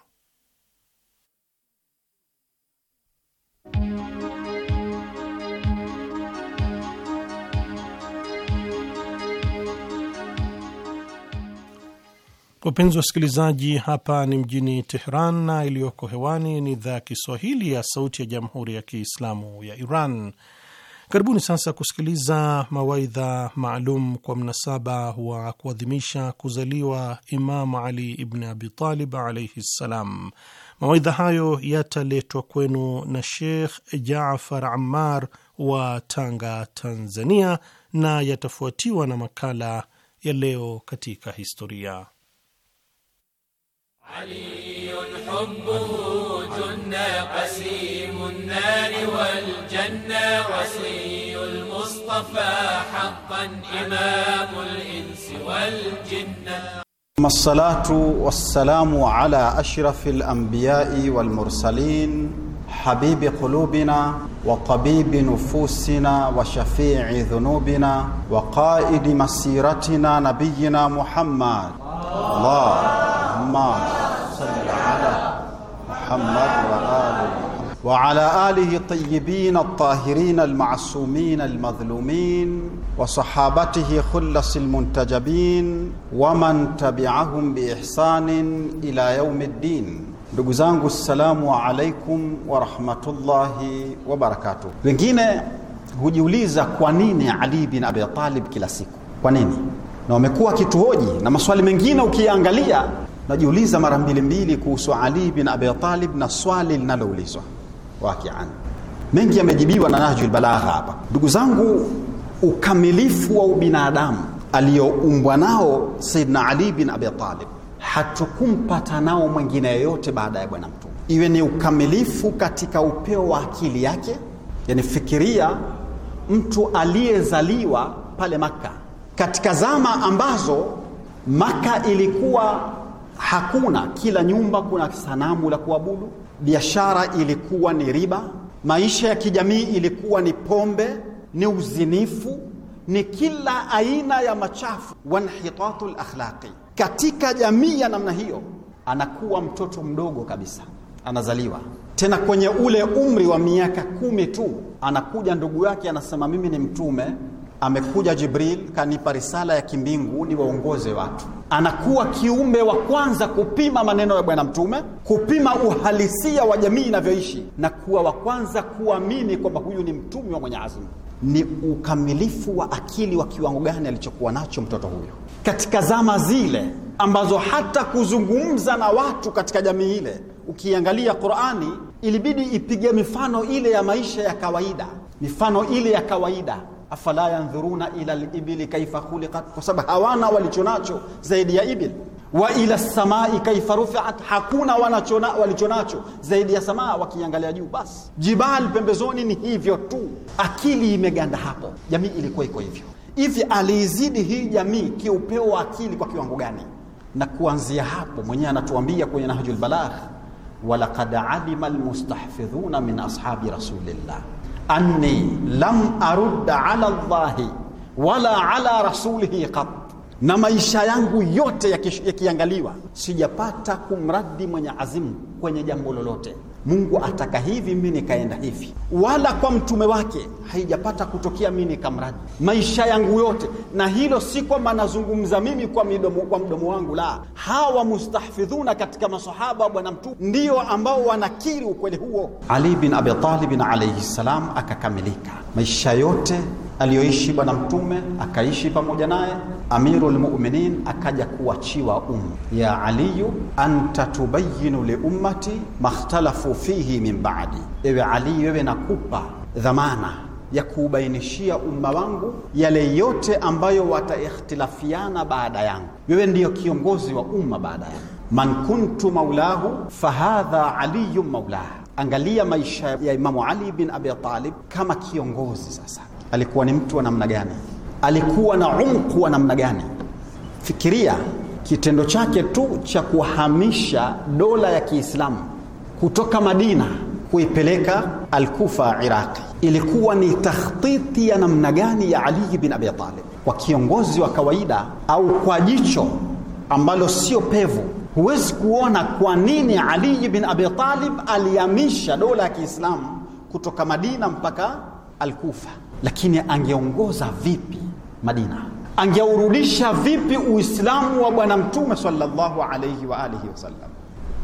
Wapenzi wasikilizaji, hapa ni mjini Tehran na iliyoko hewani ni idhaa ya Kiswahili ya Sauti ya Jamhuri ya Kiislamu ya Iran. Karibuni sasa kusikiliza mawaidha maalum kwa mnasaba wa kuadhimisha kuzaliwa imamu Ali ibn Abi Talib alaihi ssalam. Mawaidha hayo yataletwa kwenu na Sheikh Jaafar Ammar wa Tanga, Tanzania, na yatafuatiwa na makala ya leo katika historia. علي حبه جنة قسيم النار والجنة وصي المصطفى حقا إمام الإنس والجنة ثم الصلاة والسلام على أشرف الأنبياء والمرسلين حبيب قلوبنا وطبيب نفوسنا وشفيع ذنوبنا وقائد مسيرتنا نبينا محمد اللهم صل على محمد وآل وعلى آله الطيبين الطاهرين المعصومين المظلومين وصحابته خلص المنتجبين ومن تبعهم بإحسان إلى يوم الدين Ndugu zangu, salamu alaikum warahmatullahi wabarakatuh. Wengine hujiuliza kwa nini Ali bin Abi Talib kila siku, kwa nini? Na wamekuwa kituhoji na maswali mengine, ukiangalia najiuliza mara mbili mbili kuhusu Ali bin Abi Talib na swali linaloulizwa wakian. Mengi yamejibiwa na Nahjul Balagha hapa. Ndugu zangu, ukamilifu wa ubinadamu aliyoumbwa nao saidna Ali bin Abi Talib hatukumpata nao mwingine yoyote baada ya bwana mtume, iwe ni ukamilifu katika upeo wa akili yake. Yani fikiria mtu aliyezaliwa pale Makka katika zama ambazo Makka ilikuwa hakuna, kila nyumba kuna sanamu la kuabudu, biashara ilikuwa ni riba, maisha ya kijamii ilikuwa ni pombe, ni uzinifu, ni kila aina ya machafu, wanhitatu lakhlaqi katika jamii ya namna hiyo, anakuwa mtoto mdogo kabisa, anazaliwa tena kwenye ule umri wa miaka kumi tu, anakuja ndugu yake anasema, mimi ni mtume, amekuja Jibril kanipa risala ya kimbingu ni waongoze watu. Anakuwa kiumbe wa kwanza kupima maneno ya Bwana Mtume, kupima uhalisia wa jamii inavyoishi, na kuwa wa kwanza kuamini kwamba huyu ni mtume wa Mwenyezi Mungu ni ukamilifu wa akili wa kiwango gani alichokuwa nacho mtoto huyo katika zama zile ambazo hata kuzungumza na watu katika jamii ile ukiangalia qurani ilibidi ipige mifano ile ya maisha ya kawaida mifano ile ya kawaida afala yandhuruna ila libili kaifa khuliqat kwa sababu hawana walichonacho zaidi ya ibili wa ila samai kaifa rufiat, hakuna wanachona walichonacho zaidi ya samaa, wakiangalia juu basi. Jibal pembezoni ni hivyo tu. Akili imeganda hapo, jamii ilikuwa iko hivyo hivi. Aliizidi hii jamii kiupeo wa akili kwa kiwango gani? Na kuanzia hapo mwenyewe anatuambia kwenye Nahjul Balagh, walaqad alima almustahfidhuna min ashabi rasulillah anni lam arudda ala llahi wala ala rasulihi qat na maisha yangu yote yakiangaliwa, sijapata kumradi mwenye azimu kwenye jambo lolote. Mungu ataka hivi, mi nikaenda hivi, wala kwa mtume wake haijapata kutokea mi nikamradi maisha yangu yote. Na hilo si kwamba nazungumza mimi kwa midomo, kwa mdomo wangu, la. Hawa mustahfidhuna katika masahaba wa bwana mtume ndio ambao wanakiri ukweli huo. Ali bin Abi Talib alayhi salam akakamilika maisha yote aliyoishi Bwana Mtume, akaishi pamoja naye Amirul Mu'minin, akaja kuachiwa umma ya Aliyu, anta tubayinu li ummati makhtalafu fihi min baadi ewe Ali, wewe nakupa dhamana ya kuubainishia umma wangu yale yote ambayo wataikhtilafiana baada yangu. Wewe ndiyo kiongozi wa umma baada yangu. Man kuntu maulahu fahadha aliyu maulah. Angalia maisha ya Imamu Ali bin Abi Talib kama kiongozi sasa alikuwa ni mtu wa namna gani alikuwa na umku wa namna gani fikiria kitendo chake tu cha kuhamisha dola ya kiislamu kutoka madina kuipeleka alkufa iraqi ilikuwa ni takhtiti ya namna gani ya ali bin abi talib kwa kiongozi wa kawaida au kwa jicho ambalo sio pevu huwezi kuona kwa nini ali bin abi talib alihamisha dola ya kiislamu kutoka madina mpaka alkufa lakini angeongoza vipi Madina? Angeurudisha vipi Uislamu wa Bwana Mtume sallallahu alayhi wa alihi wasallam?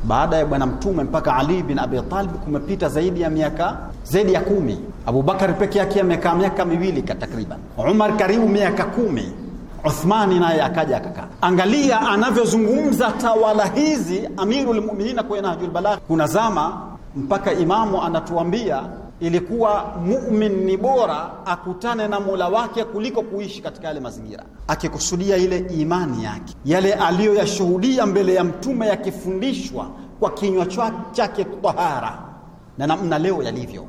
Baada ya Bwana Mtume mpaka Ali bin Abi Talib kumepita zaidi ya miaka zaidi ya kumi. Abubakar peke yake amekaa miaka miwili takriban, Umar karibu miaka kumi, Uthmani naye akaja akakaa. Angalia anavyozungumza tawala hizi, Amirul Mu'minin kwenye Nahjul Balagha kuna zama mpaka imamu anatuambia ilikuwa mumin ni bora akutane na Mola wake kuliko kuishi katika yale mazingira, akikusudia ile imani yake, yale aliyoyashuhudia mbele ya Mtume yakifundishwa kwa kinywa chake tahara, na namna leo yalivyo.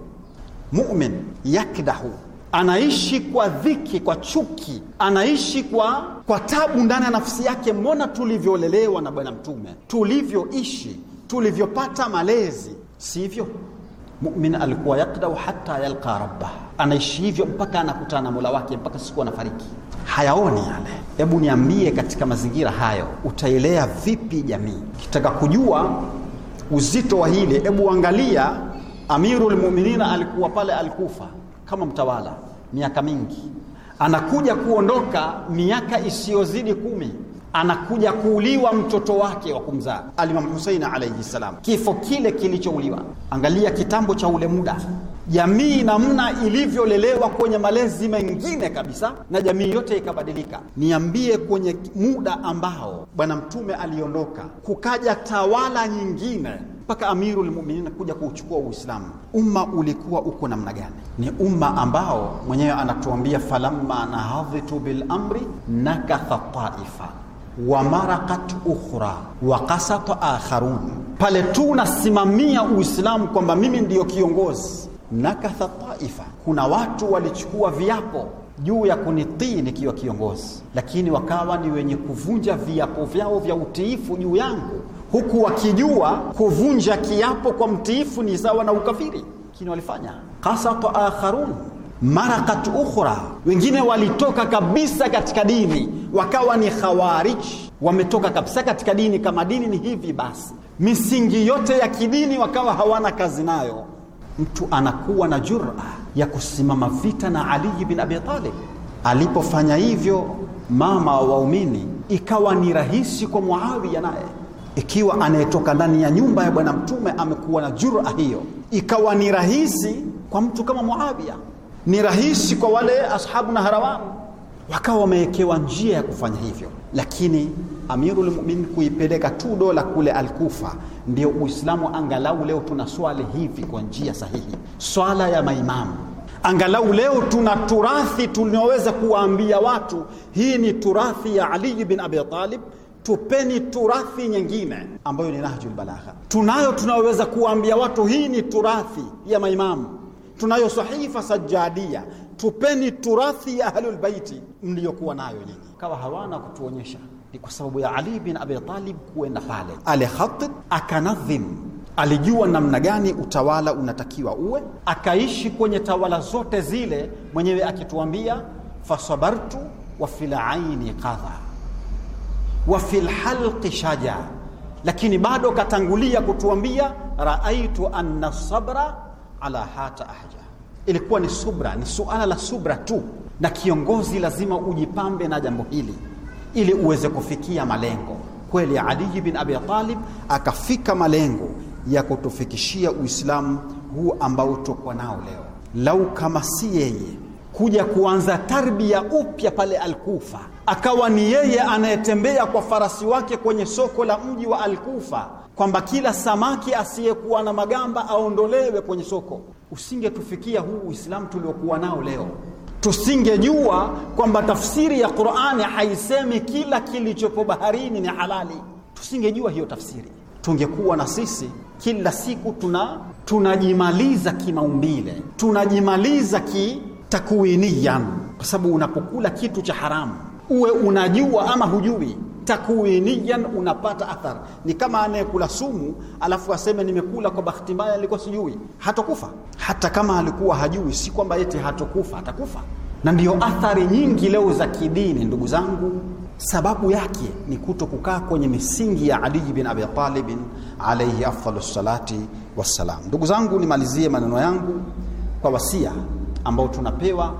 Mumin yakdahu, anaishi kwa dhiki, kwa chuki, anaishi kwa, kwa tabu ndani ya nafsi yake. Mbona tulivyolelewa na Bwana Mtume, tulivyoishi, tulivyopata malezi, sivyo? Mumin alikuwa yakdau hata yalqa rabbah, anaishi hivyo mpaka anakutana na mola wake, mpaka siku anafariki. Hayaoni yale. Hebu niambie, katika mazingira hayo utaelea vipi jamii? Kitaka kujua uzito wa hili, hebu angalia Amirul Mu'minin alikuwa pale Alkufa kama mtawala miaka mingi, anakuja kuondoka miaka isiyozidi kumi anakuja kuuliwa mtoto wake wa kumzaa Alimamu Husein alaihi salam, kifo kile kilichouliwa. Angalia kitambo cha ule muda, jamii namna ilivyolelewa kwenye malezi mengine kabisa, na jamii yote ikabadilika. Niambie, kwenye muda ambao Bwana Mtume aliondoka, kukaja tawala nyingine mpaka Amiru Mu'minin kuja kuuchukua Uislamu, umma ulikuwa uko namna gani? Ni umma ambao mwenyewe anatuambia falamma nahadhitu bilamri nakatha taifa wa marakat ukhra wa kasata akharun, pale tu nasimamia Uislamu kwamba mimi ndiyo kiongozi. Nakatha taifa, kuna watu walichukua viapo juu ya kunitii nikiwa kiongozi, lakini wakawa ni wenye kuvunja viapo vyao vya utiifu juu yangu, huku wakijua kuvunja kiapo kwa mtiifu ni sawa na ukafiri, lakini walifanya kasata akharun marakat ukhra, wengine walitoka kabisa katika dini wakawa ni khawariji, wametoka kabisa katika dini, kama dini ni hivi basi misingi yote ya kidini wakawa hawana kazi nayo. Mtu anakuwa na jura ya kusimama vita na Ali bin Abi Talib. Alipofanya hivyo mama wa waumini, ikawa ni rahisi kwa Muawiya naye, ikiwa anayetoka ndani ya nyumba ya Bwana Mtume amekuwa na jura hiyo, ikawa ni rahisi kwa mtu kama Muawiya ni rahisi kwa wale ashabu na harawan wakawa wamewekewa njia ya kufanya hivyo lakini amirul mu'minin kuipeleka tu dola kule alkufa ndio uislamu angalau leo tuna swali hivi kwa njia sahihi swala ya maimamu angalau leo tuna turathi tunaweza kuwaambia watu hii ni turathi ya ali bin abi talib tupeni turathi nyingine ambayo ni nahjul balagha tunayo tunaweza kuwaambia watu hii ni turathi ya maimamu tunayo sahifa sajadia, tupeni turathi ya ahlul baiti mliyokuwa nayo nyinyi. Kawa hawana kutuonyesha ni kwa sababu ya Ali bin Abi Talib kuenda pale, alikhatib akanadhim alijua namna gani utawala unatakiwa uwe, akaishi kwenye tawala zote zile, mwenyewe akituambia fasabartu wa fil aini qadha wa fil halqi shaja, lakini bado katangulia kutuambia raaitu anna sabra ala hata ahja. Ilikuwa ni subra, ni suala la subra tu, na kiongozi lazima ujipambe na jambo hili ili uweze kufikia malengo. Kweli Ali bin Abi Talib akafika malengo ya kutufikishia Uislamu huu ambao tuko nao leo. Lau kama si yeye kuja kuanza tarbia upya pale Alkufa, akawa ni yeye anayetembea kwa farasi wake kwenye soko la mji wa Alkufa kwamba kila samaki asiyekuwa na magamba aondolewe kwenye soko, usingetufikia huu Uislamu tuliokuwa nao leo. Tusingejua kwamba tafsiri ya Qur'ani haisemi kila kilichopo baharini ni halali, tusingejua hiyo tafsiri. Tungekuwa na sisi kila siku tuna tunajimaliza kimaumbile, tunajimaliza kitakwinian kwa sababu unapokula kitu cha haramu uwe unajua ama hujui takwiniyan, unapata athar. Ni kama anayekula sumu alafu aseme nimekula kwa bahati mbaya, alikuwa sijui, hatokufa Hata kama alikuwa hajui, si kwamba eti hatokufa atakufa. Na ndiyo athari nyingi leo za kidini, ndugu zangu, sababu yake ni kuto kukaa kwenye misingi ya Ali bin Abi Talib alayhi afdalu salati wassalam. Ndugu zangu, nimalizie maneno yangu kwa wasia ambao tunapewa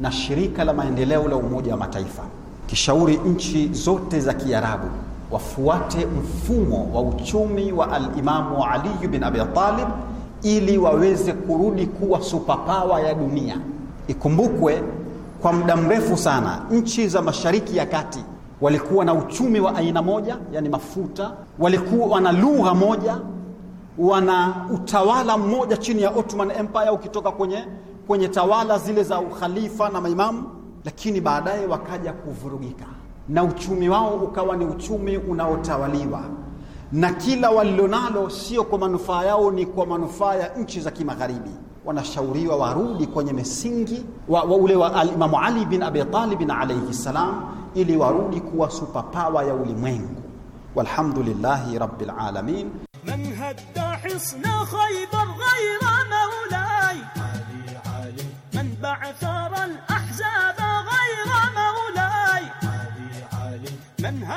na shirika la maendeleo la Umoja wa Mataifa akishauri nchi zote za Kiarabu wafuate mfumo wa uchumi wa alimamu Ali bin Abi Talib ili waweze kurudi kuwa superpower ya dunia. Ikumbukwe kwa muda mrefu sana nchi za Mashariki ya Kati walikuwa na uchumi wa aina moja, yani mafuta, walikuwa wana lugha moja, wana utawala mmoja chini ya Ottoman Empire, ukitoka kwenye, kwenye tawala zile za ukhalifa na maimamu lakini baadaye wakaja kuvurugika na uchumi wao ukawa ni uchumi unaotawaliwa na kila walilonalo sio kwa manufaa yao, ni kwa manufaa ya nchi za kimagharibi. Wanashauriwa warudi kwenye misingi wa, wa ule wa Imamu Ali bin Abi Talib alayhi salam, ili warudi kuwa superpower ya ulimwengu. Walhamdulillahi rabbil alamin. Man hadda hisna khaybar ghayra maulay Ali Ali man ba'thara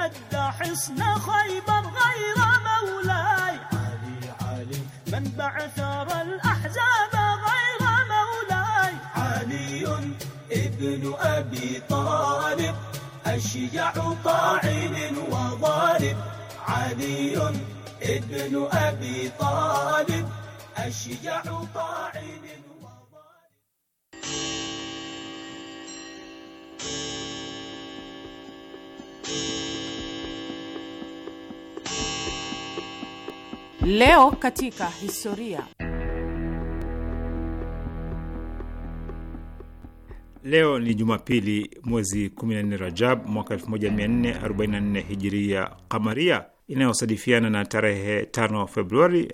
شد حصن خيبر غير مولاي علي علي من بعثر الأحزاب غير مولاي علي ابن أبي طالب أشجع طاعن وضارب علي ابن أبي طالب أشجع طاعن Leo katika historia. Leo ni Jumapili, mwezi 14 Rajab mwaka 1444 hijiria kamaria, inayosadifiana na tarehe 5 Februari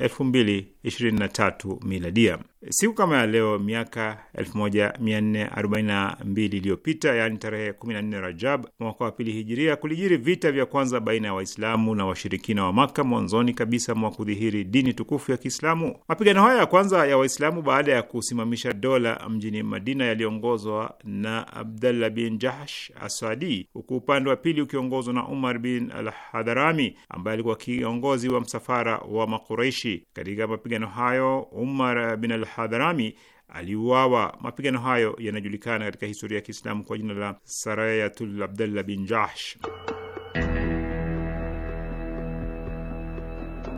23 miladia. Siku kama ya leo miaka 1442 iliyopita, yaani tarehe 14 Rajab mwaka wa pili hijiria, kulijiri vita vya kwanza baina ya Waislamu na washirikina wa Maka mwanzoni kabisa mwa kudhihiri dini tukufu ya Kiislamu. Mapigano haya ya kwanza ya Waislamu baada ya kusimamisha dola mjini Madina yaliongozwa na Abdallah bin Jahsh Asadi, huku upande wa pili ukiongozwa na Umar bin alhadharami ambaye alikuwa kiongozi wa msafara wa Makuraishi. Katika mapigano hayo Umar bin al-Hadhrami aliuawa. Mapigano hayo yanajulikana katika historia ya Kiislamu kwa jina la Sarayatul Abdallah bin Jahsh.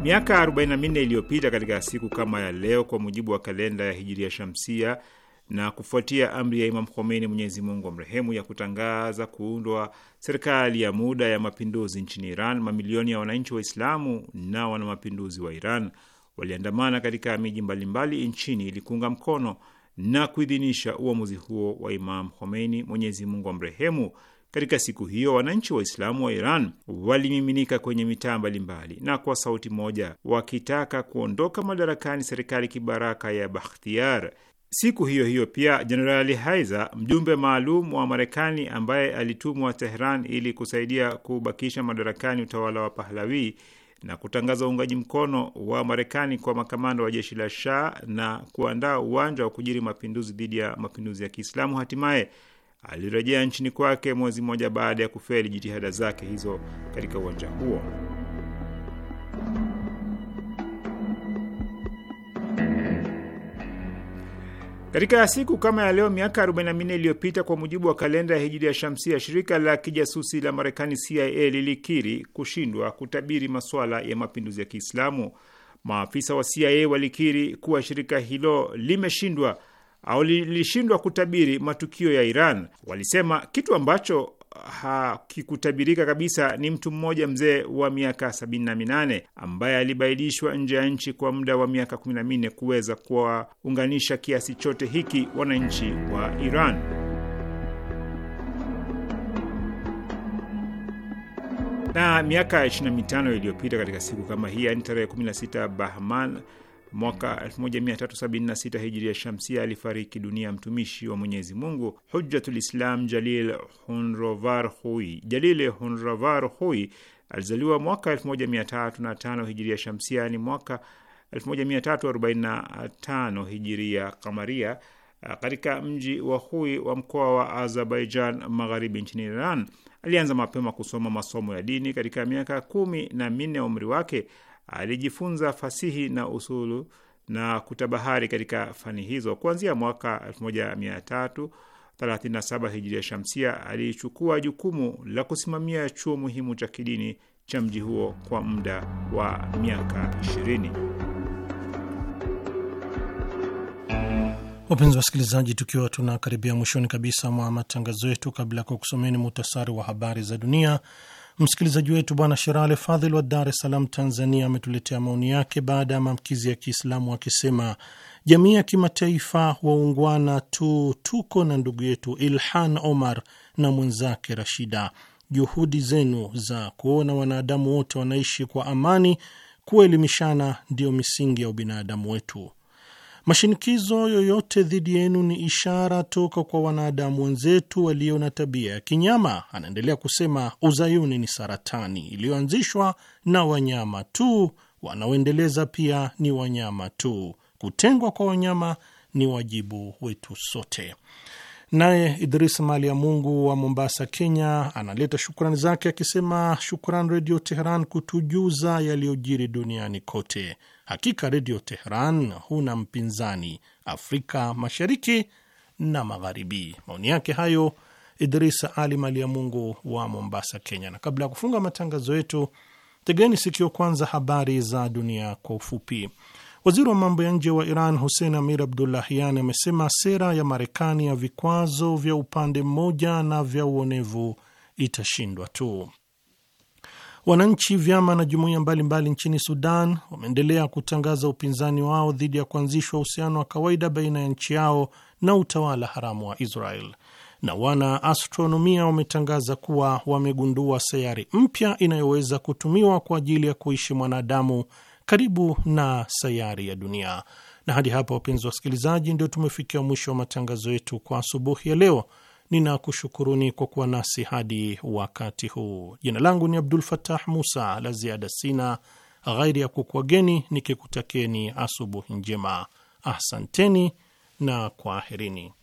Miaka 44 iliyopita katika siku kama ya leo, kwa mujibu wa kalenda ya Hijiria Shamsia na kufuatia amri ya Imam Khomeini, Mwenyezi Mungu amrehemu, ya kutangaza kuundwa serikali ya muda ya mapinduzi nchini Iran, mamilioni ya wananchi Waislamu na wana mapinduzi wa Iran waliandamana katika miji mbalimbali nchini ili kuunga mkono na kuidhinisha uamuzi huo wa Imam Khomeini, Mwenyezi Mungu amrehemu. Katika siku hiyo wananchi Waislamu wa Iran walimiminika kwenye mitaa mbalimbali na kwa sauti moja wakitaka kuondoka madarakani serikali kibaraka ya Bakhtiar. Siku hiyo hiyo pia Jenerali Haiza, mjumbe maalum wa Marekani ambaye alitumwa Tehran ili kusaidia kubakisha madarakani utawala wa Pahlavi, na kutangaza uungaji mkono wa Marekani kwa makamanda wa jeshi la Shah na kuandaa uwanja wa kujiri mapinduzi dhidi ya mapinduzi ya Kiislamu, hatimaye alirejea nchini kwake mwezi mmoja baada ya kufeli jitihada zake hizo katika uwanja huo. Katika siku kama ya leo miaka 44 iliyopita kwa mujibu wa kalenda ya hijiri ya shamsia, shirika la kijasusi la Marekani CIA lilikiri kushindwa kutabiri masuala ya mapinduzi ya Kiislamu. Maafisa wa CIA walikiri kuwa shirika hilo limeshindwa au lilishindwa kutabiri matukio ya Iran. Walisema kitu ambacho hakikutabirika kabisa ni mtu mmoja mzee wa miaka sabini na minane ambaye alibaidishwa nje ya nchi kwa muda wa miaka kumi na minne kuweza kuwaunganisha kiasi chote hiki wananchi wa Iran. na miaka 25 iliyopita katika siku kama hii, yani tarehe 16 Bahman mwaka 1376 hijiria shamsia alifariki dunia mtumishi wa Mwenyezi Mungu Hujjatul Islam Jalil Hunrovar Hui. Jalil Hunrovar Hui alizaliwa mwaka 1305 hijiria shamsia, ni mwaka 1345 hijiria kamaria uh, katika mji wa Hui wa mkoa wa Azerbaijan magharibi nchini Iran. Alianza mapema kusoma masomo ya dini. Katika miaka kumi na minne ya umri wake alijifunza fasihi na usulu na kutabahari katika fani hizo. Kuanzia mwaka 1337 hijiria shamsia, alichukua jukumu la kusimamia chuo muhimu cha kidini cha mji huo kwa muda wa miaka 20. Wapenzi wasikilizaji, tukiwa tunakaribia mwishoni kabisa mwa matangazo yetu, kabla ya kukusomeni muhtasari wa habari za dunia, Msikilizaji wetu Bwana Sherale Fadhil wa Dar es Salaam, Tanzania, ametuletea maoni yake baada ya maamkizi ya Kiislamu akisema, jamii ya kimataifa waungwana tu, tuko na ndugu yetu Ilhan Omar na mwenzake Rashida. Juhudi zenu za kuona wanadamu wote wanaishi kwa amani, kuelimishana, ndiyo misingi ya ubinadamu wetu. Mashinikizo yoyote dhidi yenu ni ishara toka kwa wanadamu wenzetu walio na tabia ya kinyama. Anaendelea kusema, uzayuni ni saratani iliyoanzishwa na wanyama tu, wanaoendeleza pia ni wanyama tu. Kutengwa kwa wanyama ni wajibu wetu sote. Naye Idris Mali ya Mungu wa Mombasa, Kenya, analeta shukrani zake akisema, shukran Redio Teheran kutujuza yaliyojiri duniani kote. Hakika Redio Teheran huna mpinzani Afrika Mashariki na Magharibi. Maoni yake hayo Idrisa Ali mungu wa Mombasa, Kenya. Na kabla ya kufunga matangazo yetu, tegeni sikio kwanza habari za dunia kwa ufupi. Waziri wa mambo ya nje wa Iran Hussein Amir Abdullahian amesema sera ya Marekani ya vikwazo vya upande mmoja na vya uonevu itashindwa tu. Wananchi, vyama na jumuiya mbalimbali nchini Sudan wameendelea kutangaza upinzani wao dhidi ya kuanzishwa uhusiano wa kawaida baina ya nchi yao na utawala haramu wa Israel, na wana astronomia wametangaza kuwa wamegundua sayari mpya inayoweza kutumiwa kwa ajili ya kuishi mwanadamu karibu na sayari ya dunia. Na hadi hapa, wapenzi wasikilizaji, ndio tumefikia mwisho wa matangazo yetu kwa asubuhi ya leo ninakushukuruni kwa kuwa nasi hadi wakati huu. Jina langu ni Abdul Fatah Musa. La ziada sina ghairi ya kukwageni nikikutakieni asubuhi njema. asanteni na kwaherini.